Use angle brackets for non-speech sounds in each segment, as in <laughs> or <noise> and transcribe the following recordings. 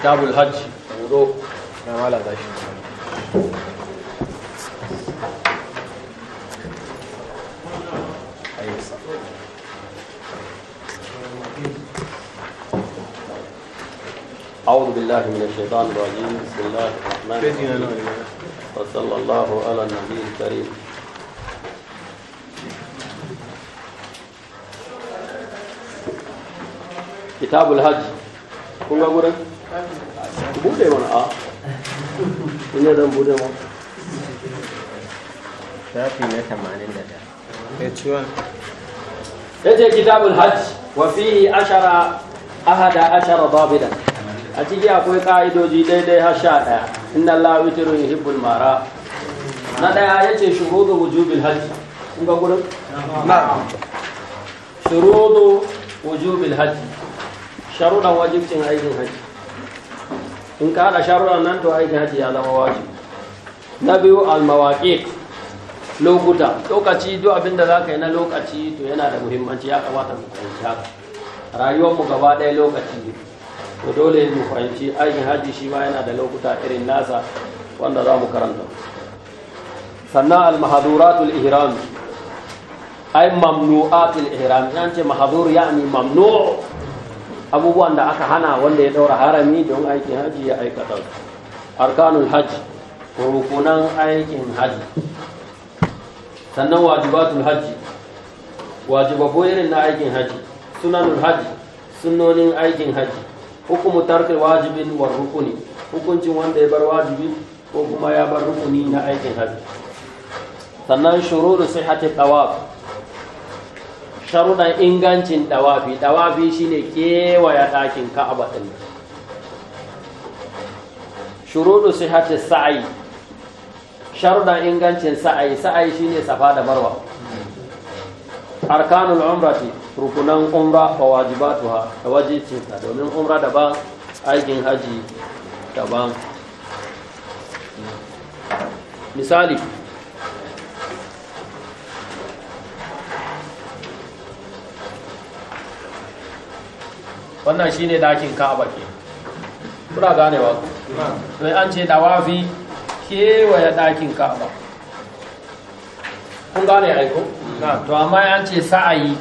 كتاب الحج وضوء نعم على ذلك أعوذ بالله من الشيطان الرجيم بسم الله الرحمن الرحيم وصلى الله على النبي الكريم كتاب الحج كم أقول bude mana a ina dan bude ma shafi na 81 page 1 yace kitabul hajj wa fihi ashara ahada ashara dabidan a ciki akwai ka'idoji daidai har sha ɗaya inna Allah witiru yuhibbul mara na ɗaya ya ce shurudu wujubil hajji kun ga gurin na'am shurudu wujubil hajji sharuɗan wajibcin aikin hajji in ka haɗa sharuɗan nan to aikin haji ya zama wajibi na biyu almawaƙi lokuta lokaci duk abin da za ka yi na lokaci to yana da muhimmanci ya kamata mu fahimci haka rayuwarmu gaba ɗaya lokaci ne to dole mu fahimci aikin haji shi ma yana da lokuta irin nasa wanda za mu karanta sannan almahaduratul ihram ai mamnu'atul ihram yan ce mahadur yani mamnu' abubuwan da aka hana wanda ya daura harami don aikin haji ya aikata su arkanul haji rukunan aikin haji sannan wajibatul haji wajibabu irin na aikin haji sunanul haji sunonin aikin haji hukumu tarkar wajibin wa rukuni hukuncin wanda ya bar wajibi ko kuma ya bar rukuni na aikin haji sannan shuru da sai sihhati tawaf sharuɗan ingancin ɗawafi ɗawafi shine kewaya ɗakin ka'aba ɗin shuruɗu sihati sa'ayi sharuɗan ingancin sa'ayi sa'ayi shine safa da marwa arkanul umrati rukunan umra wa wajibatuha da wajibcinta domin umra daban aikin haji daban misali wannan shine dakin ka'aba ke kuna ganewa ku sai an ce dawafi kewaye dakin ka'aba kun gane aiko to amma an ce sa'ayi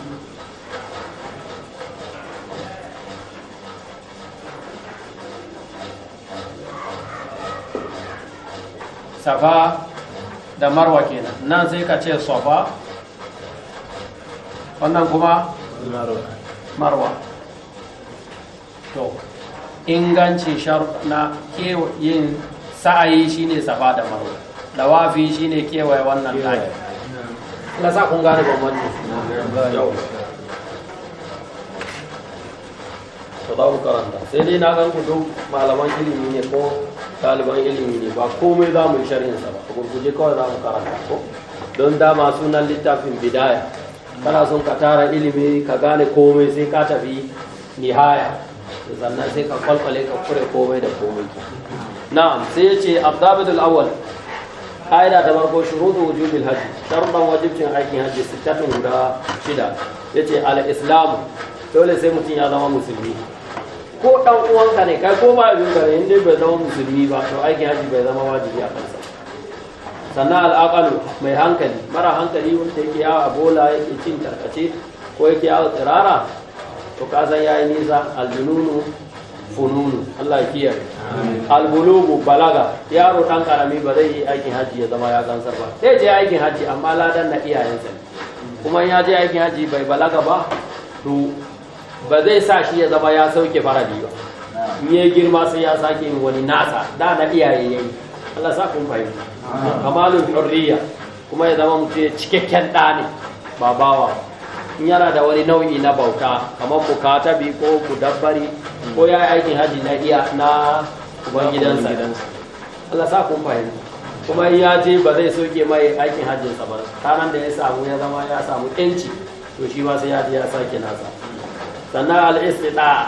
safa da marwa kenan nan sai ka ce safa wannan kuma marwa to ingancin na yin sa'ayi shine safa da marwa shi shine kewaye wannan layi. na sa kun gane bambanci yau to da karanta sai dai na gan ku malaman ilimi ne ko ɗaliban ilimi ne ba komai za mu yi sa ba a gurguje kawai za mu karanta ko don dama sunan littafin bidaya kana son ka tara ilimi ka gane komai sai ka tafi nihaya to sannan sai ka kwalkwale ka kure komai da komai na'am sai ya ce abdabidul awwal da ta farko shuruɗu wujubil hajji sharɗan wajibcin aikin hajji sittatun guda shida ya ce al dole sai mutum ya zama musulmi ko ɗan uwanka ne kai ko ba abin gare inda bai zama musulmi ba to aikin hajji bai zama wajibi a kansa sannan al'aƙalu mai hankali mara hankali wanda yake yawa bola yake cin tarkace ko yake yawa tsirara to kasan ya yi nisa aljununu fununu Allah kiyar albulugu balaga yaro dan karami ba zai yi aikin hajji ya zama ya gansar ba sai je aikin hajji amma ladan na iyayensa kuma ya je aikin haji bai balaga ba to ba zai sa shi ya zama ya sauke faradi ba in ya girma sai ya sake yin wani nasa da na iyaye yayi Allah sa kun fahimta kamalul hurriya kuma ya zama mutum cikakken da ne ba bawa in yana da wani nau'i na bauta kamar bi ko dabbari ko ya yi aikin haji na iya na ubangidansa Allah sa kun fahimta kuma ya je ba zai soke mai aikin hajjinsa ba ranar da ya samu ya zama ya samu yanci to shi ba sai ya ji ya sake nasa sannan al-istita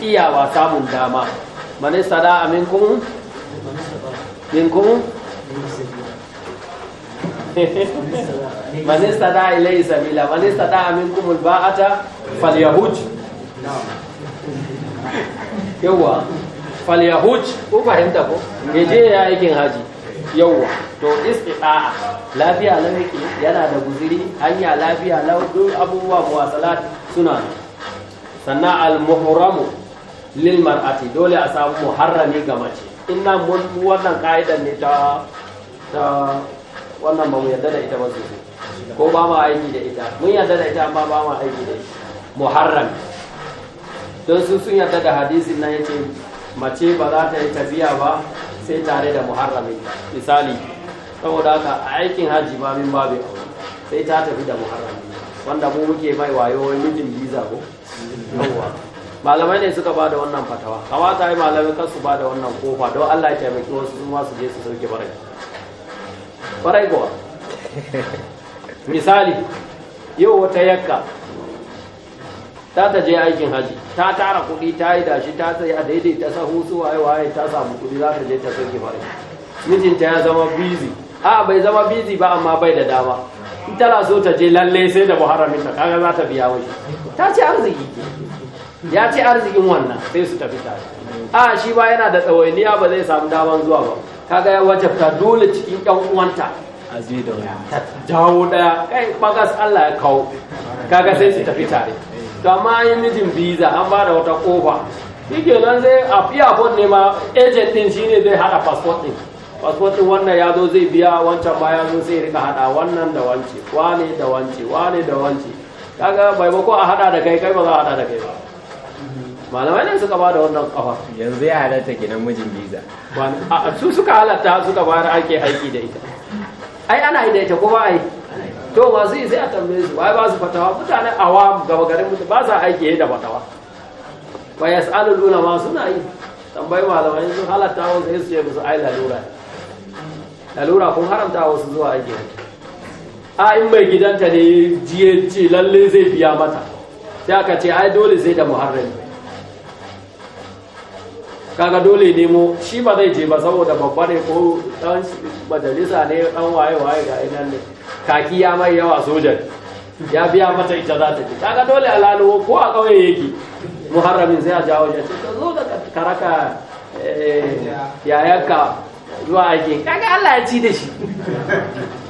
iyawa samun dama Mani sada aminkum minkum <laughs> man istada ilayhi sabila man istada minkum alba'ata falyahuj <laughs> yawa falyahuj ko fahimta ko yaje ya aikin haji yawa to istida'a lafiya lau yake yana da guziri hanya lafiya lau abubuwan abubuwa muwasalat suna sannan al-muhramu lil mar'ati dole a samu muharrami ga mace inna mun wannan ka'idan ne ta ta wannan ba mu yarda da ita ba su ko ba ma aiki da ita mun yarda da ita amma ba ma aiki da ita muharram don su sun yarda da hadisin nan yace mace ba za ta yi tafiya ba sai tare da muharram misali saboda haka aikin haji ba min babu sai ta tafi da muharram wanda mu muke mai wayo wai mijin biza ko malamai ne suka bada wannan fatawa kamata yi malamai kan su bada wannan kofa don Allah ya taimaki wasu su ma su je su sauke baraki kwarai kuwa misali yau wata yakka ta ta je aikin haji ta tara kudi ta yi dashi ta tsaye a daidai ta sa husu waye waye ta samu kudi za ta je ta sauke farai mijinta ya zama bizi a bai zama bizi ba amma bai da dama in tana so ta je lalle sai da muharramin ta kaga za ta biya wani ta ce arziki ya ce arzikin wannan sai su tafi tare a shi ba yana da tsawainiya ba zai samu daman zuwa ba kaga ya wajabta dole cikin yan uwanta ta jawo daya kai bagas Allah ya kawo kaga sai su tafi tare to amma yi mijin biza an ba da wata kofa shike nan zai a fiya bon ne ma agent din shine zai hada passport din passport din wannan ya zo zai biya wancan baya ya zo sai rika hada wannan da wance wane da wance wane da wance kaga bai a hada da kai kai ba za a hada da kai ba malamai ne suka bada wannan kafa yanzu ya halatta gidan mijin biza su suka halatta suka bada ake aiki da ita ai ana yi da ita kuma ai to masu yi sai a tambaye su wai ba su fatawa mutanen awa gaba garin mutu ba sa aiki da fatawa ba ya alu luna ma suna yi tambayi malamai sun halatta wasu sai su ce musu ai lalura lalura kun haramta wasu zuwa aiki a in mai gidanta ne jiye ce lalle zai biya mata sai aka ce ai dole sai da muharrami kaga dole nemo shi ba zai je ba saboda babba ne ko dan majalisa ne dan waye waye ga inan ne kaki ya mai yawa sojan ya biya mata ita za ta ji kaga dole alalo ko a kauye yake muharramin sai a jawo ya ce zo da karaka eh, yaka zuwa ake kaga Allah ya ci da shi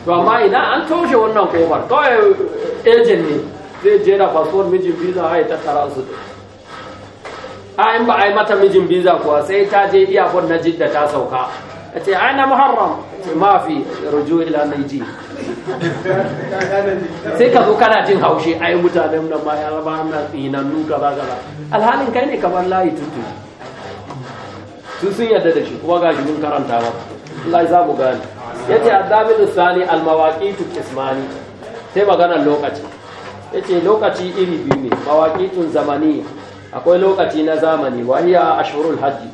to amma idan an toshe wannan kofar kawai ejen ne zai jera fasfon mijin biza ta tattara su a in ba a yi mata mijin biza kuwa sai ta je iyakon na jidda ta sauka a ce aina muharram ma fi rujo ila naiji sai ka zo kana jin haushe ai mutanen nan ba ya raba na nuka ba gaba alhalin kai ne kamar layi tutu su sun yarda da shi kuma ga shi mun karanta ba Allah ya mu gani yace addamin sani almawaqitu ismani. sai magana lokaci ce lokaci iri biyu ne tun zamaniya akwai lokaci na zamani wa hiya ashhurul hajji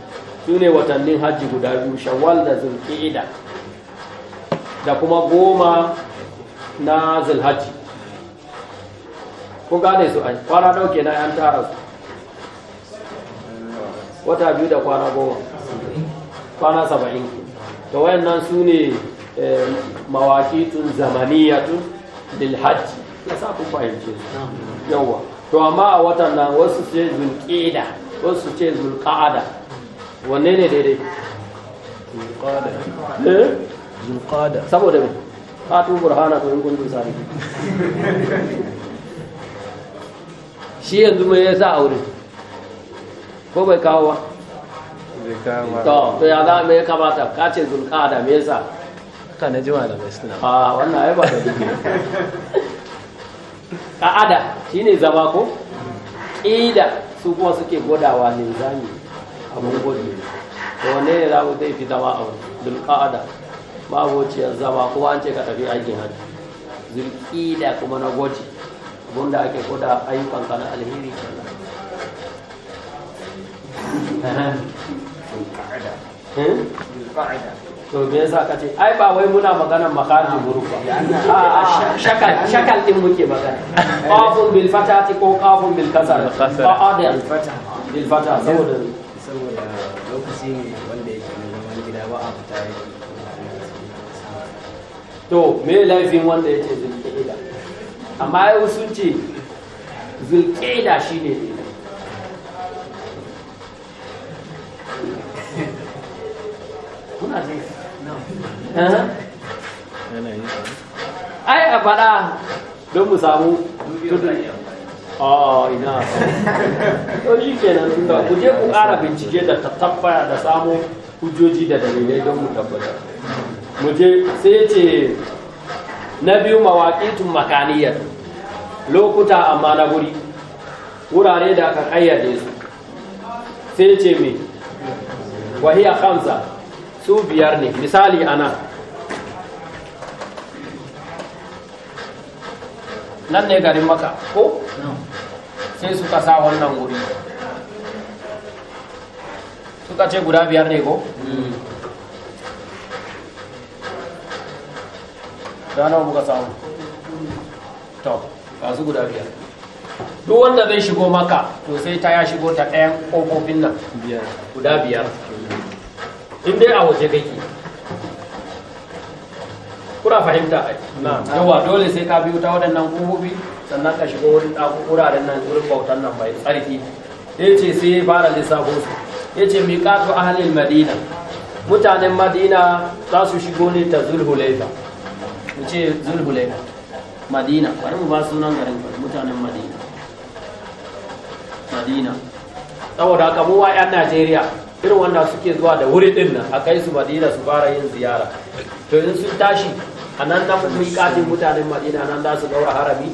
sune watannin hajji guda biyu shawwal da zulqa'da da kuma goma na zulhajji kun gane su ai kwana dauke na yan tara su wata biyu da kwana goma kwana saba'in to wayannan su ne eh, mawakitun zamaniyatun lil hajji ya sa kun fahimce yawa to amma a watan nan wasu ce zulƙida wasu ce zulƙada wanne ne daidai zulƙada eh? saboda mai ƙatu burhana to in kun dusa ne shi yanzu mai yasa aure ko bai kawo ba to ya za mai kamata ka ce zulƙada me yasa ka na jima da mai suna a ah, wannan ai ba da duki ƙa'ada ne zama ko ƙida su kuma suke gwadawa ne zami abin gwadi da wane ne za mu zai fi zama a wani ƙa'ada mabociyar zama ko an ce ka tafi aikin hajji ƙida kuma na gwaji abinda ake gwada ayyukan ka na alheri kenan eh? to me yasa ka ce ai ba wai muna maganar makarin huruf shakal shakal din muke magana qafun bil ko bil kasar qa'ada bil fata bil fata saboda lokaci ne wanda zaman gida ba a fita to me laifin wanda amma ce shine ne ai a faɗa don mu samu a ah, ina to shi kenan sun ku je ku ƙara bincike da tabbaya da samu hujjoji da dalilai don mu tabbatar mu je sai ce na biyu mawaƙitun makaniyar lokuta amma na guri wurare da aka ƙayyade su sai ce me wahiya khamsa su biyar ne misali ana nan ne garin maka ko sai suka sa wannan guri suka ce guda biyar ne ko gano muka samu to ba su guda biyar duk wanda zai shigo maka to sai ta ya shigo ta ɗayan ƙofofin nan guda biyar in dai a waje kake kura fahimta ai yawa dole sai ka biyo ta waɗannan ƙofofi sannan ka shigo wurin wuraren nan wurin bautan nan mai tsarki ya ce sai ya fara lissafo su ya ce miƙatu ahalin madina mutanen madina za su shigo ne ta zulhulaifa mu ce zulhulaifa madina bari mu ba sunan garin mutanen madina madina saboda haka mu wa 'yan najeriya irin wanda suke zuwa da wuri din nan a kai su madina su fara yin ziyara to in sun tashi a nan na miƙatin mutanen madina nan za su daura harami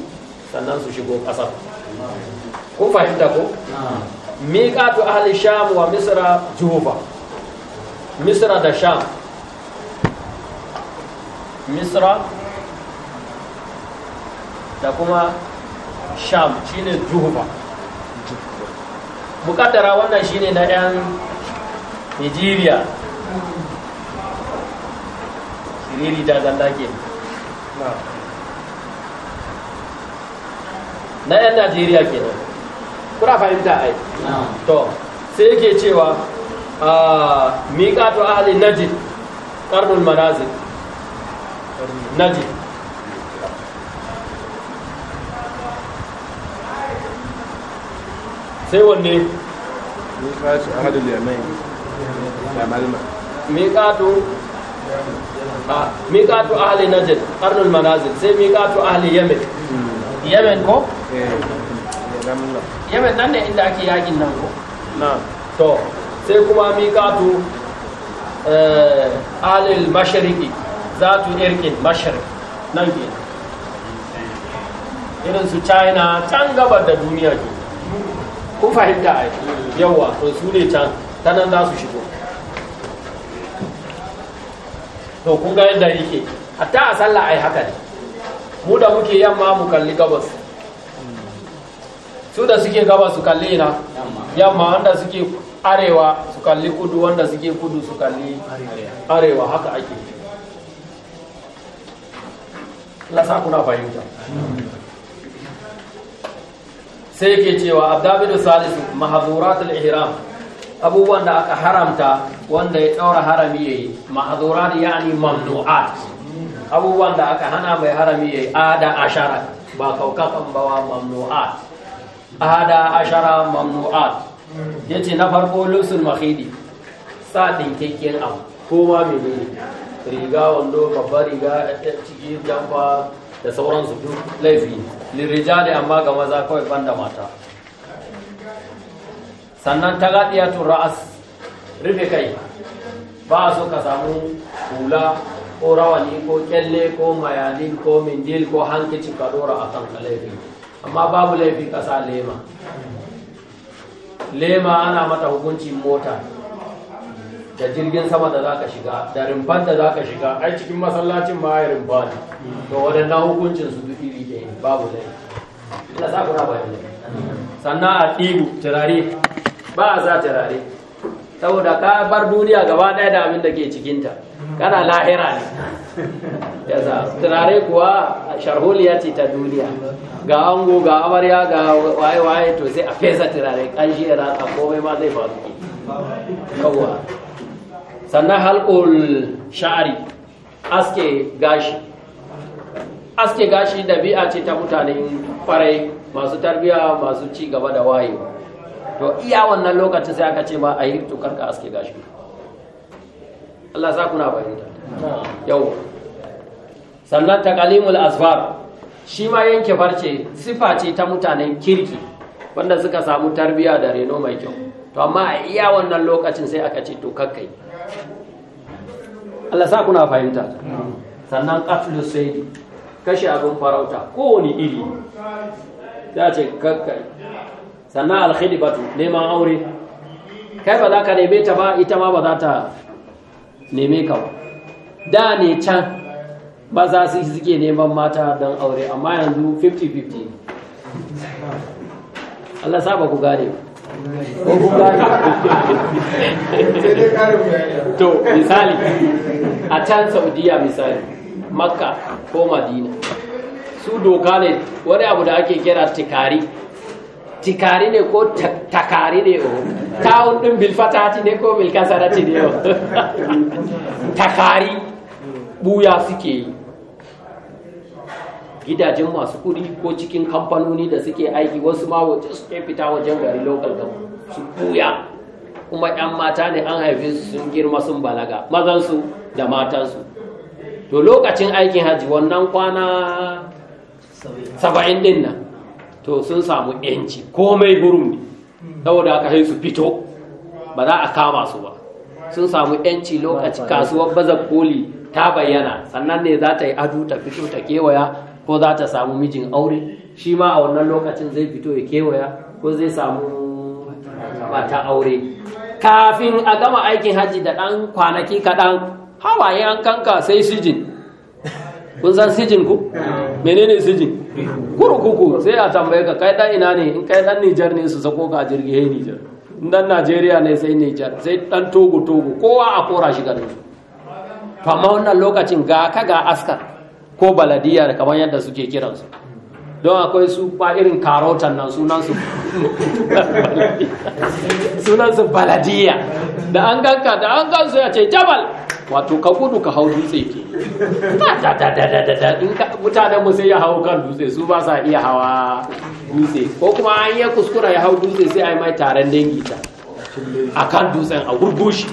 sannan su shigo ƙasar ko fahimta ko miƙatu ahli sham wa misra jufa misra da sham misra da kuma sham shine jufa mukaddara wannan shine na 'yan nigeria shiriri ta zalla ke na yan najeriya ke nan kuna fahimta ai to sai yake cewa a ah, to ahli najib ƙarnul manazil najib sai wanne miƙatu ahli yamai miƙatu ah, miƙatu ahli najd qarnul manazil sai miƙatu ahli yamen ko eh, nan ne inda ake yakin nan ko to sai kuma miƙatu eh, alil mashariƙi za tu irkin masharik nan ke irin su china can gaba da duniya ke kun fahimta a yawa to su ne can ta nan za su shigo to kun ga yadda yake hatta a sallah ai haka ne mu da muke yamma mu kalli gabas su da suke gabas su kalli ina yamma wanda suke arewa su kalli kudu wanda suke kudu su kalli arewa haka ake lasa kuna fahimta sai ke cewa abdabidu salisu mahazurat al-ihram abubuwan da aka haramta wanda ya ɗaura harami ya yi ya yani mamnu'at abubuwan da aka hana mai harami ya yi ada ashara ba kaukafan bawa mamnu'at ada ashara mamnu'at ya ce na farko lusul mahidi sa ɗinkakken abu ko ma menene riga wando babbar riga ciki jamfa da sauransu duk laifi lirija da amma ga maza kawai banda mata sannan ta tagadiyatun ra'as rufe kai ba so ka samu hula ko rawani ko kyalle ko mayalin ko mindil ko hankicin ka dora a kan laifi amma babu laifi kasa lema lema ana mata hukuncin mota da jirgin sama da za ka shiga da rumfan da za ka shiga ai cikin masallacin ma ya rumfa ne to waɗanda hukuncin su duk iri ke babu laifi ina sa sannan a ɗigu turare ba a sa turare saboda ka bar duniya gaba ɗaya da abin da ke cikinta kana lahira ne yasa turare kuwa sharholiya ce ta duniya ga ango ga amarya ga waye-waye to sai a fesa turare shi ya ratsa komai ma zai faru sannan halkul sha'ari aske gashi aske gashi dabi'a ce ta mutane farai masu tarbiya masu ci gaba da wayewa to iya wannan lokacin sai aka ce ma a yi tukar ka aske gashi Allah sa kuna ta yau sannan taqalimul asfar shi ma yanke farce sifa ce ta mutanen kirki wanda suka samu tarbiya da reno mai kyau to amma a iya wannan lokacin sai aka ce to kai Allah sa kuna fahimta sannan kafilu sai kashe abin farauta kowane iri ya ce kakkai sannan alkhidibatu neman aure kai ba za ka neme ta ba ita ma ba za ta neme ka ba da ne can ba za su suke neman mata don aure amma yanzu 50-50 Allah saba ku gane ko gane to misali a can saudiya misali makka ko madina su doka ne wani abu da ake kira tikari tikari ne ko takari ne o ta hudun bilfataci ne ko bil ne o <laughs> takari buya suke yi gidajen masu kuɗi ko cikin kamfanoni da suke aiki wasu ma waje suke fita wajen gari local gama su buya kuma 'yan mata ne an haifi sun girma sun balaga mazansu da matansu to lokacin aikin hajji wannan kwana saba'in din nan to sun samu yanci komai burin ne saboda aka sai su fito ba za a kama su ba sun samu yanci lokaci kasuwar baza koli ta bayyana sannan ne za ta yi adu ta fito ta kewaya ko za ta samu mijin aure shi ma a wannan lokacin zai fito ya kewaya ko zai samu mata aure kafin a gama aikin hajji da ɗan kwanaki kaɗan hawaye an kanka sai sijin kun san sijin ku menene sijin kurkuku sai a tambaye ka kai dan ina ne in kai dan Nijar ne su sako ka jirgi hey Nijar in dan Najeriya ne sai Nijar sai dan Togo Togo kowa a kora shi garin su amma wannan lokacin ga ka ga askar ko baladiya kamar yadda suke kiransu don akwai su ba irin karotan nan sunansu sunansu baladiya da an ganka da an gansu ya ce jabal wato ka gudu ka hau dutse ke mutanen mu sai ya hau kan dutse su ba sa iya hawa dutse ko kuma an yi kuskura ya hau dutse sai a yi mai taron dangi ta a kan dutsen a gurgushi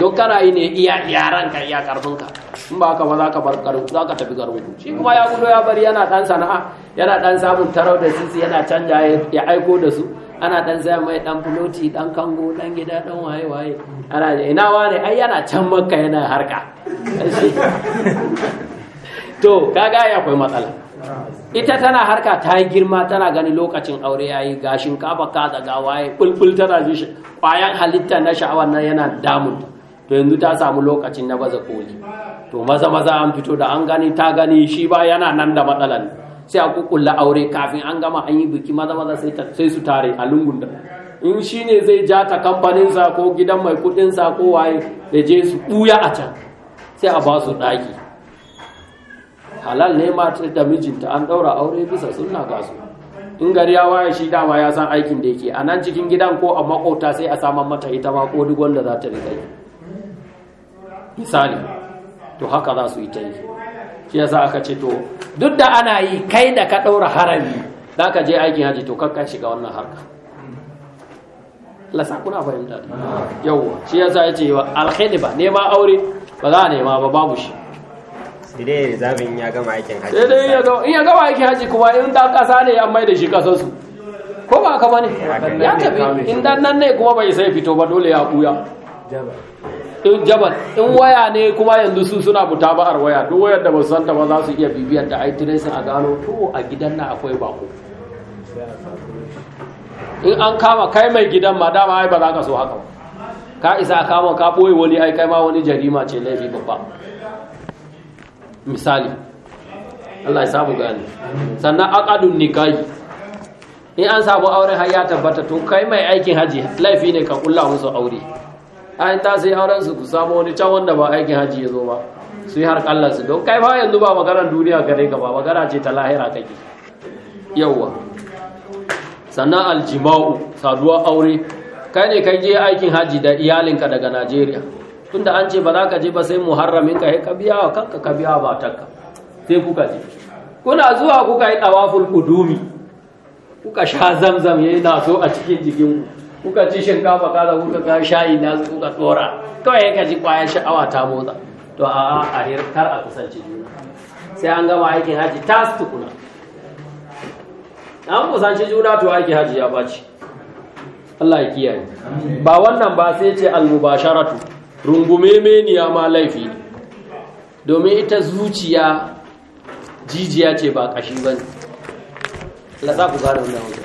don yi ne iya yaran ka iya karfin ka in ba haka ba za ka bar karu. za ka tafi garin ku shi kuma ya gudu ya bari yana dan sana'a yana dan samun tarau da sisi yana canja ya aiko da su ana dan saya mai dan fuloti dan kango dan gida dan waye waye ana ina wane ai yana can makka yana harka <laughs> to kaga ya akwai matsala ita tana harka ta yi girma tana gani lokacin aure ya yi ga shinkafa ka da waye bulbul tana ji kwayan halitta na sha'awar nan yana damun to yanzu ta samu lokacin na baza koli to maza maza an fito da an gani ta gani shi ba yana nan da matsalan sai a kukulla aure kafin an gama an yi biki maza maza sai su tare a lungun da in shi ne zai ja ta kamfaninsa ko gidan mai kudinsa ko waye da je su buya a can sai a ba su ɗaki halal ne matar da mijinta an ɗaura aure bisa sunna ga su in gari ya waye shi dama ya san aikin da yake a nan cikin gidan ko a makota sai a saman mata ita ma ko duk wanda za ta rika misali to haka za su yi ta yi shi sa aka ce to duk da ana yi kai da ka ɗaura harami za ka je aikin haji to kakka shiga wannan harka lasa kuna fahimta yawwa shi sa ya ce alkhali ba nema aure ba za a nema ba babu shi sai zabin ya gama aikin haji sai dai ya gama aikin haji kuma in da ƙasa ne an mai da shi kasarsu ko ba ka bane ya tafi in dan nan ne kuma bai sai fito ba dole ya buya in jabal in waya ne kuma yanzu su suna mutaba'ar waya duk wayar da ba ta ba za su iya bibiyar da ai tracing a gano to a gidan na akwai bako in an kama kai mai gidan ma dama ai ba za ka so haka ba ka isa kama ka boye wani ai kai ma wani jarima ce laifi babba misali Allah ya samu gani sannan aqadun nikahi in an sabu auren har ya tabbata to kai mai aikin haji laifi ne ka kulla musu aure ayin ta sai auren su ku samu wani can wanda ba aikin haji ya zo ba su yi har kallon su don kai ba yanzu ba maganar duniya gare ka ba magana ce ta lahira kake yawwa sannan aljima'u saduwa aure kai ne kai je aikin haji da iyalinka daga Najeriya tunda an ce ba za ka je ba sai muharramin ka ka biya wa kanka ka biya ba takka sai kuka je kuna zuwa kuka yi tawaful kudumi kuka sha zamzam yayin na so a cikin jikinku kuka ci shinkafa ka da kuka ga shayi na kuka tsora kawai ka ji kwayar sha'awa ta motsa to a a kar a kusance juna sai an gama aikin haji ta su tukuna an kusanci juna to aikin haji ya baci Allah ya kiyaye ba wannan ba sai ce almubasharatu rungume meniya ma laifi ne domin ita zuciya jijiya ce ba kashi bane Allah za ku gane wannan wajen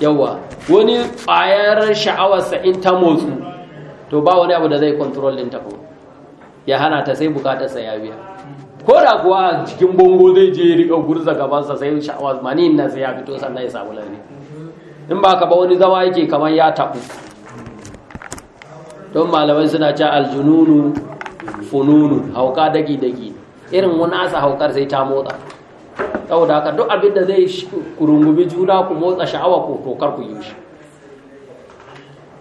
yawa wani ƙwayar sha'awarsa in ta motsu to ba wani abu da zai kontrol ɗin tafi ya hana ta sai bukatarsa ya biya ko da kuwa cikin bongo zai je riƙa gurza gabansa sai sha'awar mani na sai ya fito sannan ya samu lalle in ba ka ba wani zama yake kamar ya tafi don malamai suna ce aljununu fununu hauka dagi-dagi irin wani asa haukar sai ta motsa da haka duk abin da zai kurungumi juna ku motsa sha'awa ko tokar ku yi shi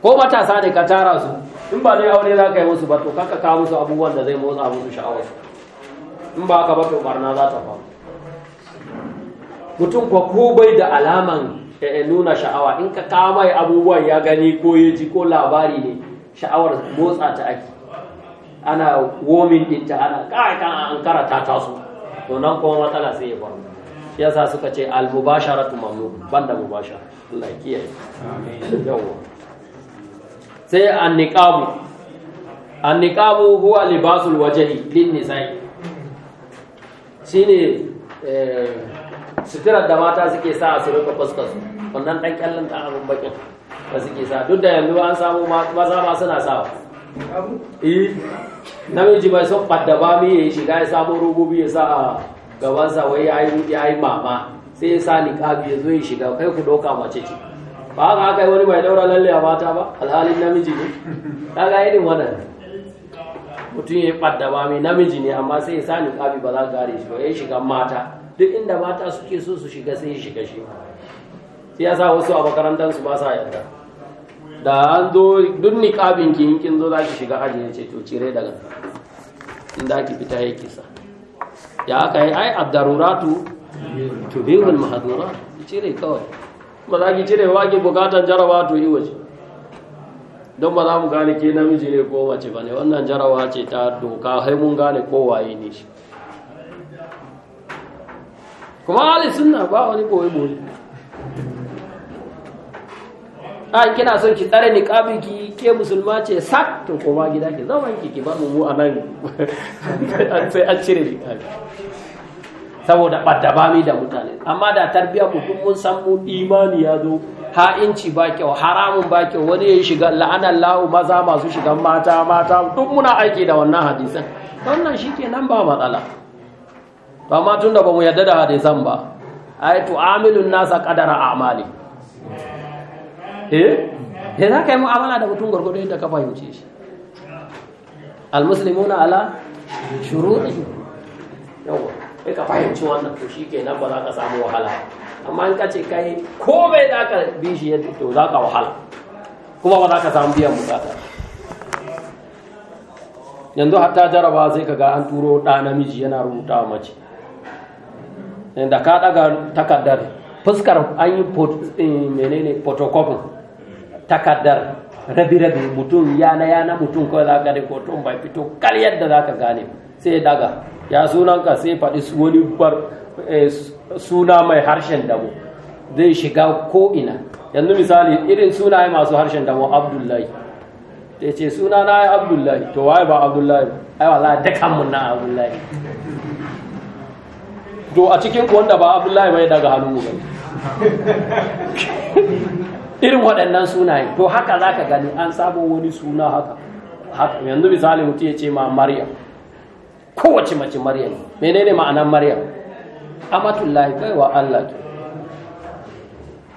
ko matasa ne ka tara su in ba dai aure za ka yi musu ba to kanka kawo musu abubuwan da zai motsa musu sha'awa in ba ka ba to barna za ta faru mutum kwa ko bai da alaman eh, nuna sha'awa in ka kawo mai abubuwan ya gani ko ya ji ko labari ne sha'awar motsa ta ake ana womin ɗinta ana a an karata taso to nan kuma matsala sai ya faru shi yasa suka ce al mubashara tu mamnu banda mubashara Allah ya kiyaye amin yawa sai an-niqabu an-niqabu huwa libasul wajhi lin nisa'i shine eh sitira da mata suke sa su rika fuskar su wannan dan kallon ta abun bakin da suke sa duk da yanzu an samu maza ma suna sawa eh namiji bai son ɓadda ba mi ya shiga ya samu rububi ya sa a gabansa wai ya yi mama sai ya sa niƙabi ya zo ya shiga kai ku ɗauka mace ce ba haka haka wani bai ɗaura lalle a mata ba alhalin namiji ne ta ga irin wannan mutum ya ɓadda ba mi namiji ne amma sai ya sa niƙabi ba za ka gare shi ba ya shiga mata duk inda mata suke so su shiga sai ya shiga shi ya sa wasu a makarantar su ba sa yarda da an zo duk niƙabin ki in kin zo za ki shiga hajji ya ce to cire daga in da ki fita ya kisa ya aka yi ai abdaruratu tubirul mahadura cire kawai ba za ki cire wa ki bukatan jarawa to yi waje don ba za mu gane ke namiji ne ko wace ba ne wannan jarawa ce ta doka hai mun gane ko waye ne shi kuma ahli sunna ba wani boye boye a kina son ki tsare niqabin ki ke musulma ce sak to koma gida ki zaman ki ki bar mu a nan <laughs> sai an cire saboda da mutane amma da tarbiyya ku kun mun san mu imani ya zo ha'inci ba kyau haramun ba kyau wani ya shiga la'anar lahu maza masu shigan mata mata duk muna aiki da wannan hadisan wannan shi ke nan ba matsala ba ma tun da ba mu yarda da hadisan ba ai tu'amilun nasa qadara a'mali eh da za ka yi mu'amala da mutum gwargwado yadda ka fahimce shi almuslimuna ala shuruɗi yawa kai ka fahimci wannan ke nan ba za ka samu wahala amma in ka ce kai ko bai za ka bi shi yadda to za ka wahala kuma ba za ka samu biyan bukata yanzu hatta jaraba zai ka ga an turo ɗa namiji yana rubuta wa mace da ɗaga takardar fuskar an yi eh, menene photocopy takardar rabi-rabi mutum yana yana mutum kawai za gane ko tun bai fito kal yadda za ka gane sai daga ya sunanka sai faɗi wani bar eh, suna mai harshen damo zai shiga ko'ina yanzu misali irin sunaye masu harshen damo abdullahi ta ce suna na ya abdullahi to waye ba abdullahi ai wala dakan mun na abdullahi to a cikin wanda ba abdullahi bai daga hannu ba <laughs> irin waɗannan sunaye to haka za ka gani an sabo wani suna haka yanzu misali mutu ya ce ma maryam kowace mace maryam menene ma'anar maryam amatullahi kai wa allah ke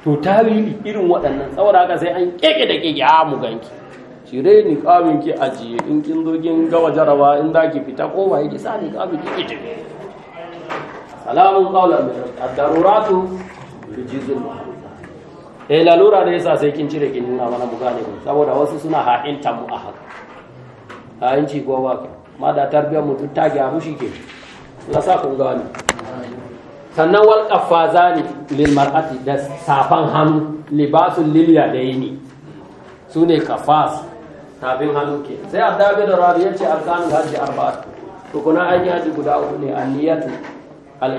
to tawili irin waɗannan saboda haka sai an keke da keke a ah, mu ganki cire ni kamin ki ajiye in kin zo kin gawa jaraba in za ki fita ko waye ki sa ni kamin ki ki salamun qawlan min ad-daruratu tujizul eh lalura da yasa sai kin cire kin nuna mana mu gane saboda wasu suna ha'in tamu a haka ha'inci ko ba ka ma da tarbiyar mutum ta gyaru shi ke na sa kun gane sannan wal qafazani lil mar'ati das safan hanu libasul lil yadaini sune kafas tafin hannu ke sai addabi da rabi yace arkan hajji arba'atu to kuna an yi hajji guda uku ne aniyatu al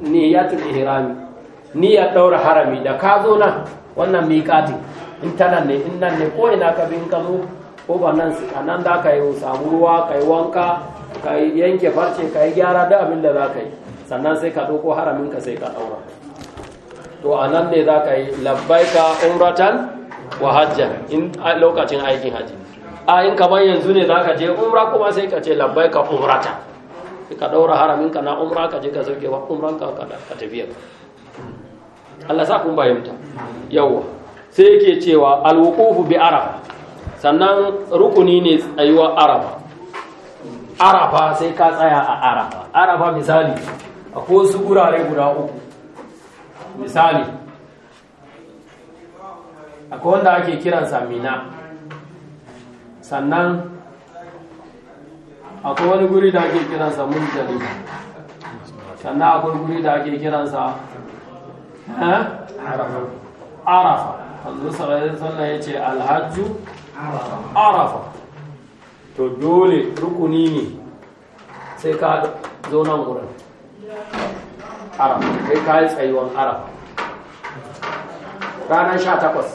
niyatul ihrami niyyar daura harami da ka zo nan wannan miƙatin in ta nan ne in nan ne ko ina ka bi in ka zo ko ba nan a nan za ka yi samu ruwa ka yi wanka ka yi yanke farce ka yi gyara da abin da za ka yi sannan sai ka ɗauko haramin ka sai ka ɗaura to a nan ne za ka yi ka umratan wa hajjan in lokacin aikin haji a in kamar yanzu ne za ka je umra kuma sai ka ce ka umratan ka ɗaura haramin ka na umra ka je ka sauke wa umran ka ka tafiya Allah sa kun bayyanta yawa sai yake cewa alwuqufu bi arafa sannan rukuni ne tsayuwa arafa arafa sai ka tsaya a arafa arafa misali akwai wasu gurare guda uku misali akwai wanda ake kiran samina sannan akwai wani guri da ake kiransa munjali sannan akwai guri da ake kiransa arafa wanzu sallallahu ya ce alhajju arafa to dole rukuni ne sai ka zo nan wurin arafa sai ka yi tsayuwan arafa ranar sha takwas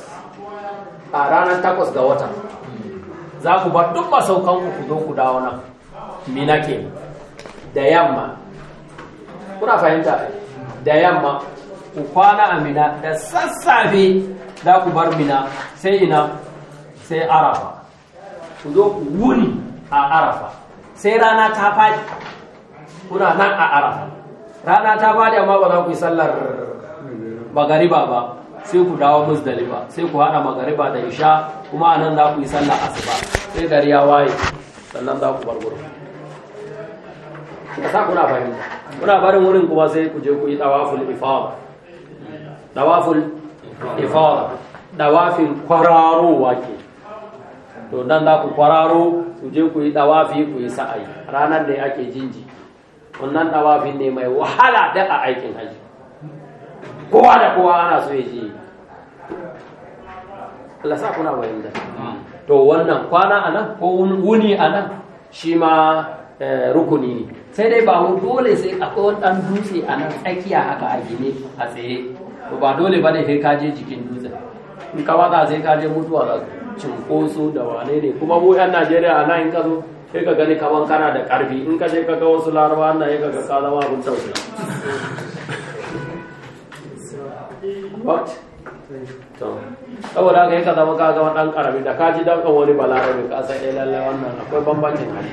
a ranar takwas ga wata za ku ba duk masaukan ku zo ku dawo nan mina da yamma kuna fahimta da yamma ku kwana a mina da sassafe za ku bar mina sai ina sai arafa ku zo ku wuni a arafa sai rana ta faɗi kuna nan a arafa rana ta faɗi amma ba za ku yi sallar magariba ba sai ku dawo musdalifa sai ku haɗa magariba da isha kuma anan za ku yi sallar asuba sai gari ya waye sannan za ku bar gurin ka sa kuna fahimta kuna barin wurin kuma sai ku je ku yi tawaful ifada dawaful ifada dawafin kwararo ke to dan za ku kwararo ku je ku yi dawafi ku yi sa'ayi ranar da ake jinji wannan dawafin ne mai wahala da a aikin haji kowa da kowa ana so ya je Allah sa kuna da to wannan kwana a nan ko wuni a nan shi ma eh, rukuni ne sai dai ba mu dole sai akwai wani dutse a nan tsakiya haka a gine a tsaye ba dole ba ne sai ka je jikin dutsen in ka watsa sai ka je mutuwa da cinkoso da wane ne kuma mu yan najeriya a nan in ka zo sai ka gani kaman kana da karfi in ka je ka ga wasu larabawa nan ya ga ka zama abin tausayi saboda haka yaka zama kaga wani dan karami da kaji daukan wani balarabe ka san ɗaya eh lallai wannan akwai bambancin hali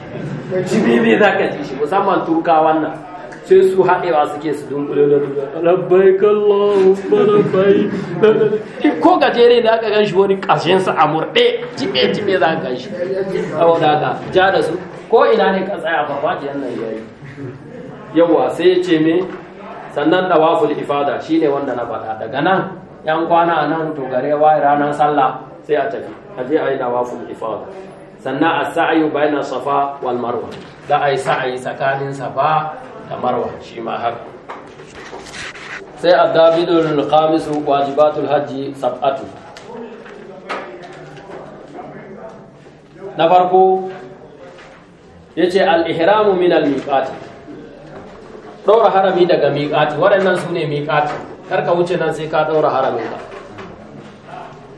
jibi ne ka ji shi musamman turka wannan sai su haɗewa suke su dunkule da rabbai kallahu rabbai ko gajere da aka ganshi wani ƙarshen sa a murɗe tibe tibe za ka ganshi saboda haka ja da su ko ina ne ka tsaya ba faɗiyan nan yayi yawa sai ya ce me sannan dawaful ifada shine wanda na faɗa daga nan yan kwana nan to gare wai ranar sallah sai a tafi a je a yi dawaful ifada sannan a sa'ayu bayan safa wal marwa za a yi sa'ayi tsakanin safa da marwa shi ma har sai addabidul khamisu wajibatul hajji sab'atu na farko yace al-ihramu min al-miqat harami daga miqat waɗannan sune miƙati, karka wuce nan sai ka ɗora haramin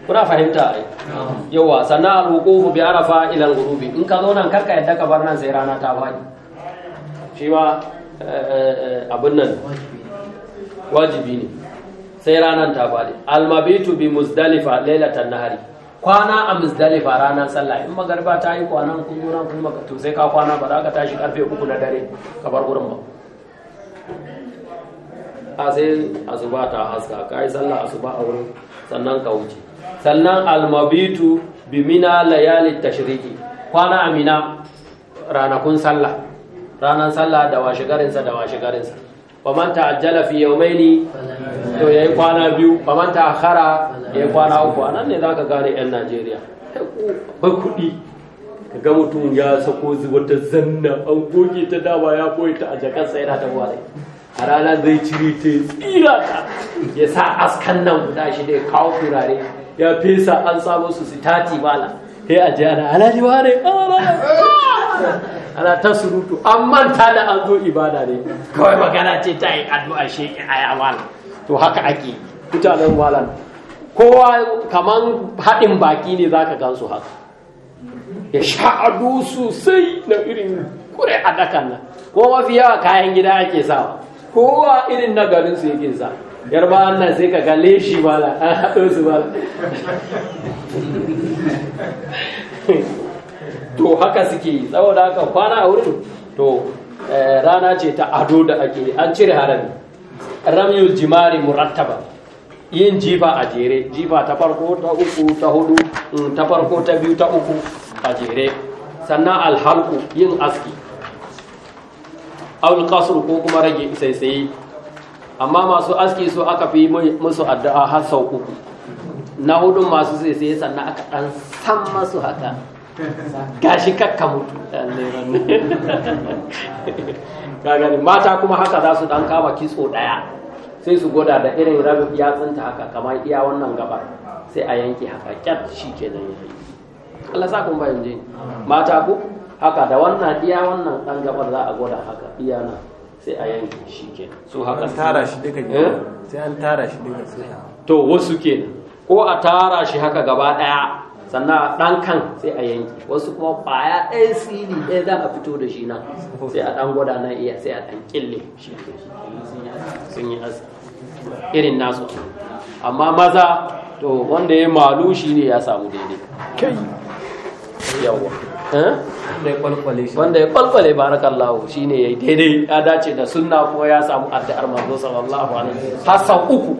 kuna fahimta ai yawa sannan alhukufu bi arafa ila gurubi in ka zo nan karka yadda ka bar nan sai rana ta fadi shi ma eh, eh, abin nan wajibi ne sai ranar ta fadi almabitu bi muzdalifa lailatan nahari kwana a muzdalifa ranar sallah in magarba ta yi kwana kun zo nan kun maka to sai ka kwana ba za ka tashi karfe uku na dare ka bar gurin ba a sai asuba ta haska ka yi sallah asuba a wurin sannan ka wuce sannan almabitu bi mina layali tashriki kwana amina ranakun sallah ranan sallah da washigarinsa da washigarinsa faman ta'ajjala fi yawmaini to yayi kwana biyu faman ta'akhara yayi kwana uku nan ne zaka gane yan Najeriya ba kudi ga mutum ya sako wata zanna an goge ta dama ya koyi ta a jakarsa yana ta wale a ranar zai cire ta tsira ta ya sa askan nan guda shi da ya kawo turare ya fesa an samu su sitati mala sai a jana alhaji ne. Ah, <laughs> ana ta surutu an manta da an zo ibada ne kawai magana ce ta yi addu'a sheke a yawala to haka ake mutanen walan kowa kaman haɗin baki ne zaka su haka ya sha'adu sosai na irin kure a dakan nan ko mafi yawa kayan gida ake sawa kowa irin na su yake sawa yarba Allah sai ka gale shi bala an haɗo su bala to haka suke saboda haka kwana a wurin to eh, rana ce ta ado da ake an cire harami ramyul jimari murattaba yin jifa a jere jifa ta farko ta uku ta hudu mm, ta farko ta biyu ta uku a jere sannan alhalku yin aski aul ko kuma rage saisaye amma masu aski so aka fi musu addu'a har sau uku na hudu masu sai sai sannan aka dan san masu haka gashi kakka mutu <laughs> kagani mata kuma haka za su dan kama kitso daya sai su gwada da irin rabin tsinta haka kamar iya wannan gabar sai a yanke haka kyat shi ke nan yayi Allah sa kun bayan mata ku haka da wannan iya wannan dan gabar za a gwada haka iya nan sai a yanke shi ke so haka an tara shi duka eh? sai an tara shi duka sai to wasu ke ko a tara shi haka gaba daya sannan dan kan sai a yanke wasu kuma baya ɗaya sili ɗaya za a fito da shi nan sai a dan gwada nan iya sai a dan kille shi ke sun yi aski irin nasu amma maza to wanda ya malu shi ne ya samu daidai kai yawa Eh? wanda ya kwalkwale barakallahu ya yayi daidai ya dace da suna ko ya samu addu'ar manzo sallallahu alaihi Hassan uku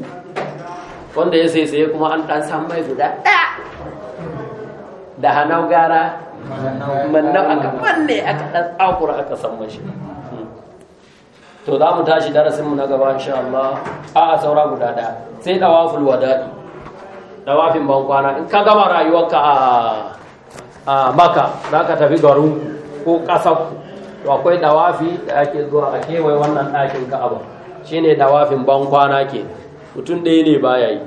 wanda ya sai kuma an dan samu mai guda da hanau gara mannan aka manne aka dan akura aka samu shi hmm. to za mu tashi darasinmu na gaba insha Allah a a saura guda daya sai dawaful wada'i dawafin ban kwana in ka gama rayuwarka a ah, a maka za ka tafi garu ko ƙasarku to akwai dawafi da ake zuwa a kewaye wannan ɗakin ka'aba shi ne dawafin ban ke mutum ɗaya ne ba ya yi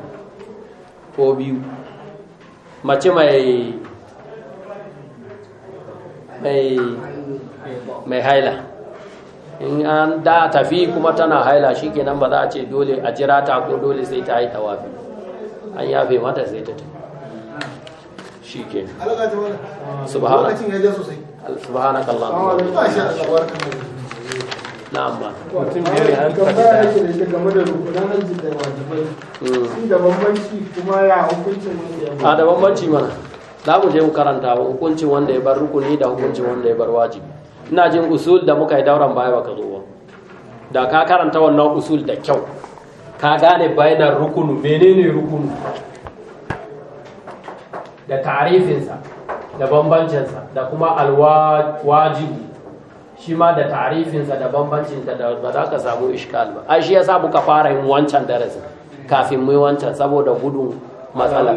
ko biyu mace mai haila in an da tafi kuma tana haila shi kenan ba za a ce dole a jira ta ko dole sai ta yi dawafi an yafe mata sai ta tafi shi ke hmm. da bambanci a da bambanci mana za mu je mu karanta hukuncin wanda ya bar rukuni da hukuncin wanda ya bar wajibi ina jin usul da muka yi dauran baya baka zo ba da ka karanta wannan usul da kyau ka gane bayanan rukunu menene rukunu da tarifinsa da bambancinsa da kuma alwajibu shi ma da tarifinsa da bambancinsa da ba za ka samu ishkal ba ai shi sabu muka fara yin wancan darasin kafin mai wancan saboda gudun matsala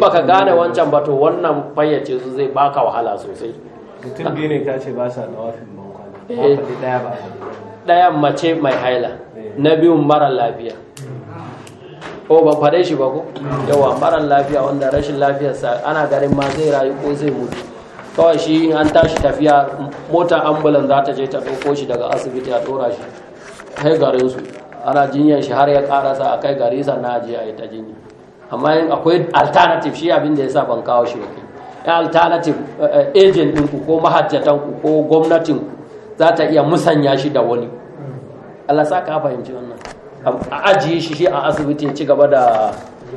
ba ka gane wancan ba to wannan fayyace su zai baka wahala sosai mutum biyu ne ta ce ba sa nawafin ba kwana eh. ɗaya mace mai haila eh. na biyun mara lafiya ko ban fare shi ba ko yawa marar lafiya wanda rashin lafiyarsa ana garin ma zai rayu ko zai mutu kawai shi an tashi tafiya mota ambulan za ta je ta ɗauko shi daga asibiti a ɗora shi kai garinsu ana jinyar shi har ya karasa a kai gari sannan a je a yi ta jinya amma yin akwai alternative shi abin da ya sa ban kawo shi ba Ya alternative eh, agent ɗinku ko mahajjatanku ko gwamnatin za ta iya musanya shi da wani Allah sa ka fahimci wannan a ajiye shi a asibiti ya ci gaba da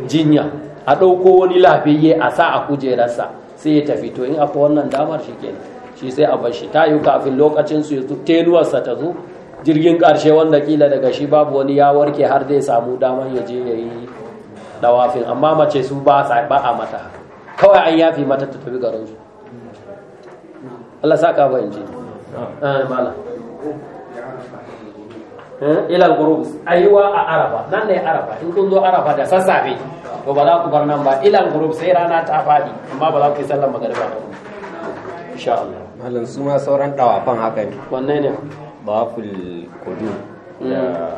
jinya a ɗauko wani lafiye a sa a kujerarsa sai ya tafi to in akwai wannan damar shi kenan shi sai a bashi. ta yi kafin lokacin su tenuwarsa ta zo jirgin ƙarshe wanda kila daga shi babu wani ya warke har zai samu damar ya je ya yi dawafin amma mace su ba a mata kawai an yafi mata ta tafi garinsu Allah sa ka bayanci. Ah, eh, mala. Eh, ilal gurub aiwa a araba nan ne araba in kun zo araba da sassafe to ba za ku bar nan ba ilal ghurub sai rana ta fadi amma ba za ku yi sallar magariba ba insha Allah mallan su ma sauran dawafan haka ne wanne ne baful kudu da mm.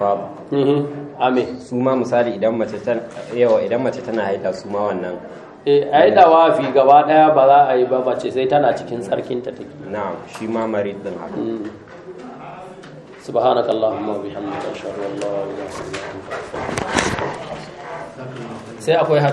fab mm-hmm. ame su ma misali idan mace ta yawa idan mace tana haida su ma wannan eh ai dawafi gaba daya ba za a yi ba mace sai tana cikin tsarkin ta take na'am shi ma marid din haka mm. سبحانك اللهم وبحمدك اشهد ان لا اله الا انت استغفرك sai akwai